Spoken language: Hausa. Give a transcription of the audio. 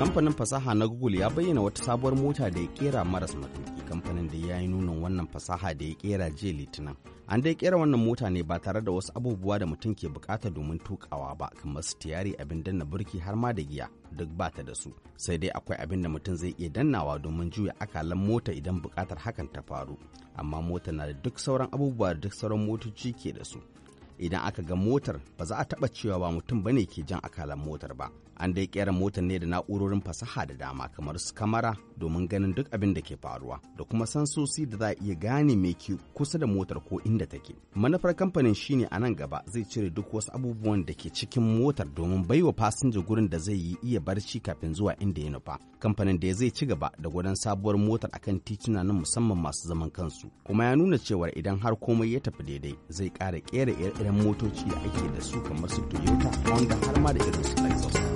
kamfanin fasaha na google ya bayyana wata sabuwar mota da ya kera maras matuki kamfanin da ya yi nunin wannan fasaha da ya kera jiya litinin an dai kera wannan mota ne ba tare da wasu abubuwa da mutum ke bukata domin tukawa ba kamar su tiyari abin danna burki har ma da giya duk ba ta da su sai dai akwai abin da mutum zai iya dannawa domin juya akalan mota idan bukatar hakan ta faru amma mota na da duk sauran abubuwa da duk sauran motoci ke da su idan aka ga motar ba za a taɓa cewa ba mutum ba ne ke jan akalan motar ba an dai kera motar ne da na'urorin fasaha da dama kamar su kamara domin ganin duk abin da ke faruwa da kuma sansosi da za a iya gane me ke kusa da motar ko inda take manufar kamfanin shine a nan gaba zai cire duk wasu abubuwan da ke cikin motar domin bai wa fasinja gurin da zai yi iya barci kafin zuwa inda ya nufa kamfanin da zai ci gaba da gudan sabuwar motar akan tituna na musamman masu zaman kansu kuma ya nuna cewa idan har komai ya tafi daidai zai ƙara kera ire manyan motoci da ake da su kamar su toyota honda har ma da irin su lexus